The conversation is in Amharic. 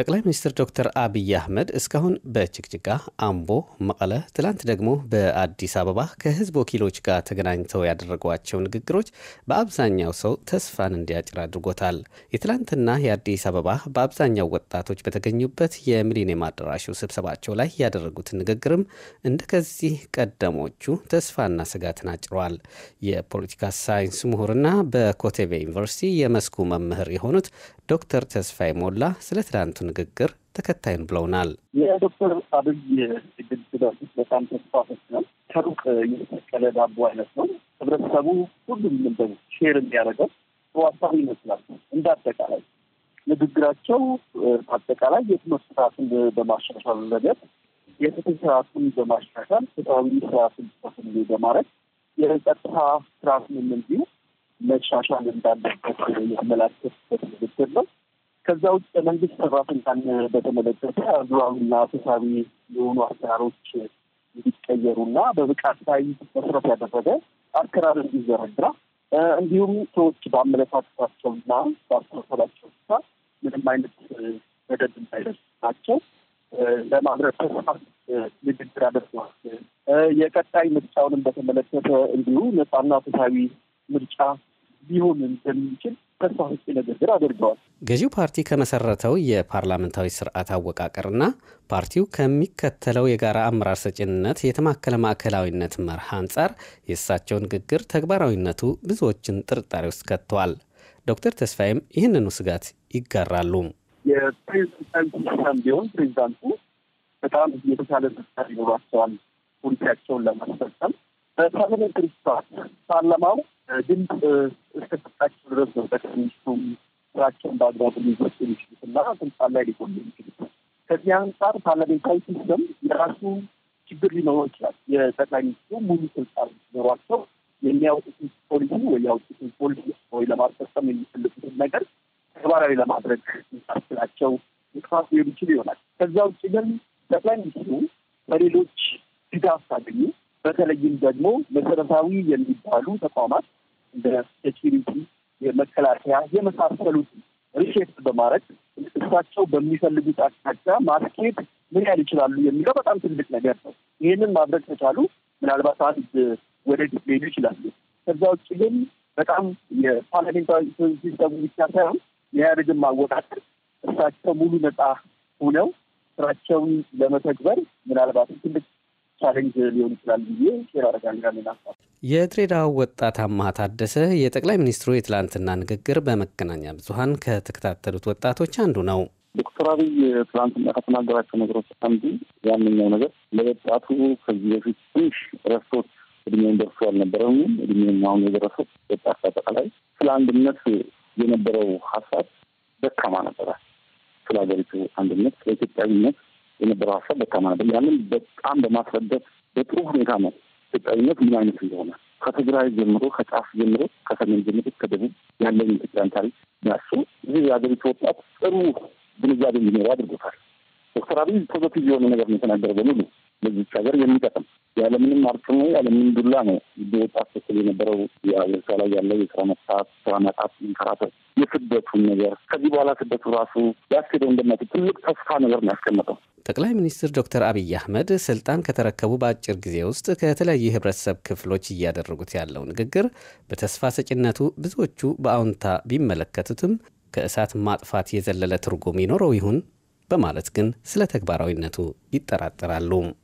ጠቅላይ ሚኒስትር ዶክተር አብይ አህመድ እስካሁን በጭቅጭቃ አምቦ፣ መቀለ፣ ትላንት ደግሞ በአዲስ አበባ ከህዝብ ወኪሎች ጋር ተገናኝተው ያደረጓቸው ንግግሮች በአብዛኛው ሰው ተስፋን እንዲያጭር አድርጎታል። የትላንትና የአዲስ አበባ በአብዛኛው ወጣቶች በተገኙበት የሚሊኒየም አዳራሹ ስብሰባቸው ላይ ያደረጉት ንግግርም እንደ ከዚህ ቀደሞቹ ተስፋና ስጋትን አጭሯል። የፖለቲካ ሳይንስ ምሁርና በኮተቤ ዩኒቨርሲቲ የመስኩ መምህር የሆኑት ዶክተር ተስፋይ ሞላ ስለ ትላንቱ ንግግር ተከታይን ብለውናል። የዶክተር አብይ ዝግጅት ደርሶት በጣም ተስፋ ፈስ ነው። ከሩቅ የተቀለ ዳቦ አይነት ነው። ህብረተሰቡ ሁሉም ምንደቡ ሼር የሚያደርገው ተዋሳቢ ይመስላል። እንደ አጠቃላይ ንግግራቸው አጠቃላይ የትምህርት ስርዓትን በማሻሻል ነገር የፍትህ ስርዓትን በማሻሻል ፍትሐዊ ስርዓትን ተፍን በማድረግ የጸጥታ ስርዓትን እንዲሁ መሻሻል እንዳለበት የተመላከትበት ንግግር ነው። ከዛ ውጭ መንግስት ሰራተኛን በተመለከተ አዙራዊና ተሳቢ የሆኑ አሰራሮች እንዲቀየሩና በብቃት ላይ መሰረት ያደረገ አከራር እንዲዘረግራ እንዲሁም ሰዎች በአመለካከታቸውና በአስተሳሰባቸው ብቻ ምንም አይነት በደል እንዳይደርስባቸው ለማድረግ ንግግር አደርገዋል። የቀጣይ ምርጫውንም በተመለከተ እንዲሁ ነፃና ፍትሃዊ ምርጫ ሊሆን እንደሚችል ከሷ ውጭ ንግግር አድርገዋል። ገዢው ፓርቲ ከመሰረተው የፓርላመንታዊ ስርዓት አወቃቀርና ፓርቲው ከሚከተለው የጋራ አመራር ሰጭነት የተማከለ ማዕከላዊነት መርህ አንጻር የእሳቸው ንግግር ተግባራዊነቱ ብዙዎችን ጥርጣሬ ውስጥ ከጥተዋል። ዶክተር ተስፋዬም ይህንኑ ስጋት ይጋራሉ። የፕሬዚዳንት ቢሆን ፕሬዚዳንቱ በጣም የተሻለ ተስፋ ይኖራቸዋል ፖሊሲያቸውን ለማስፈጸም በሳምነ ክሪስቷስ ፓርላማው ድምፅ እስከሰጣቸው ድረስ ነው ጠቅላይ ሚኒስትሩም ስራቸውን በአግባቡ የሚችሉት እና ስልጣን ላይ ሊቆ የሚችሉት። ከዚህ አንጻር ፓርላሜንታዊ ሲስተም የራሱ ችግር ሊኖረው ይችላል። የጠቅላይ ሚኒስትሩ ሙሉ ስልጣን ኖሯቸው የሚያወጡትን ፖሊሲ ወይ ያወጡትን ፖሊሲ ወይ ለማስፈጸም የሚፈልጉትን ነገር ተግባራዊ ለማድረግ ሚሳስችላቸው እንቅፋት ሊሆን ይችል ይሆናል። ከዚያ ውጭ ግን ጠቅላይ ሚኒስትሩ በሌሎች ድጋፍ ካገኙ በተለይም ደግሞ መሰረታዊ የሚባሉ ተቋማት እንደ ሴኪሪቲ፣ የመከላከያ የመሳሰሉት ሪሴት በማድረግ እሳቸው በሚፈልጉት አቅጣጫ ማስኬድ ምን ያህል ይችላሉ የሚለው በጣም ትልቅ ነገር ነው። ይህንን ማድረግ ከቻሉ ምናልባት አንድ ወደፊት ሊሄዱ ይችላሉ። ከዛ ውጭ ግን በጣም የፓርላሜንታዊ ሲስተሙ ብቻ ሳይሆን የኢህአዴግን ማወቃቀር እሳቸው ሙሉ ነጻ ሆነው ስራቸውን ለመተግበር ምናልባት ትልቅ ቻሌንጅ ሊሆን ይችላል ብዬ ሼር አደርጋለሁ ያለን ሀሳብ። የድሬዳዋ ወጣት አማ ታደሰ የጠቅላይ ሚኒስትሩ የትላንትና ንግግር በመገናኛ ብዙሀን ከተከታተሉት ወጣቶች አንዱ ነው። ዶክተር አብይ ትላንትና ከተናገራቸው ነገሮች አንዱ ዋነኛው ነገር ለወጣቱ ከዚህ በፊት ትንሽ ረስቶት እድሜውን ደርሶ አልነበረም። እድሜውን አሁን የደረሰው ወጣት አጠቃላይ ስለ አንድነት የነበረው ሀሳብ ደካማ ነበራል ስለ ሀገሪቱ አንድነት፣ ስለ ኢትዮጵያዊነት የነበረው ሀሳብ ደካማ ነበር። ያንን በጣም በማስረዳት በጥሩ ሁኔታ ነው ኢትዮጵያዊነት ምን አይነት እንደሆነ ከትግራይ ጀምሮ ከጫፍ ጀምሮ ከሰሜን ጀምሮ ከደቡብ ያለን ኢትዮጵያን ታሪክ ያሱ ይህ የሀገሪቱ ወጣት ጥሩ ግንዛቤ እንዲኖረው አድርጎታል። ዶክተር አብይ ፖዘቲቭ የሆነ ነገር ነው የተናገረ በሙሉ ለዚች ሀገር የሚጠቅም ያለምንም አርቅ ነው፣ ያለምንም ዱላ ነው ወጣት ክፍል የነበረው የአገሪቷ ላይ ያለው የስራ መጥፋት፣ ስራ መጣት መንከራተት፣ የስደቱን ነገር ከዚህ በኋላ ስደቱ ራሱ ያስሄደው እንደመጡ ትልቅ ተስፋ ነገር ነው ያስቀመጠው። ጠቅላይ ሚኒስትር ዶክተር አብይ አህመድ ስልጣን ከተረከቡ በአጭር ጊዜ ውስጥ ከተለያዩ የህብረተሰብ ክፍሎች እያደረጉት ያለው ንግግር በተስፋ ሰጭነቱ ብዙዎቹ በአዎንታ ቢመለከቱትም ከእሳት ማጥፋት የዘለለ ትርጉም ይኖረው ይሁን በማለት ግን ስለ ተግባራዊነቱ ይጠራጠራሉ።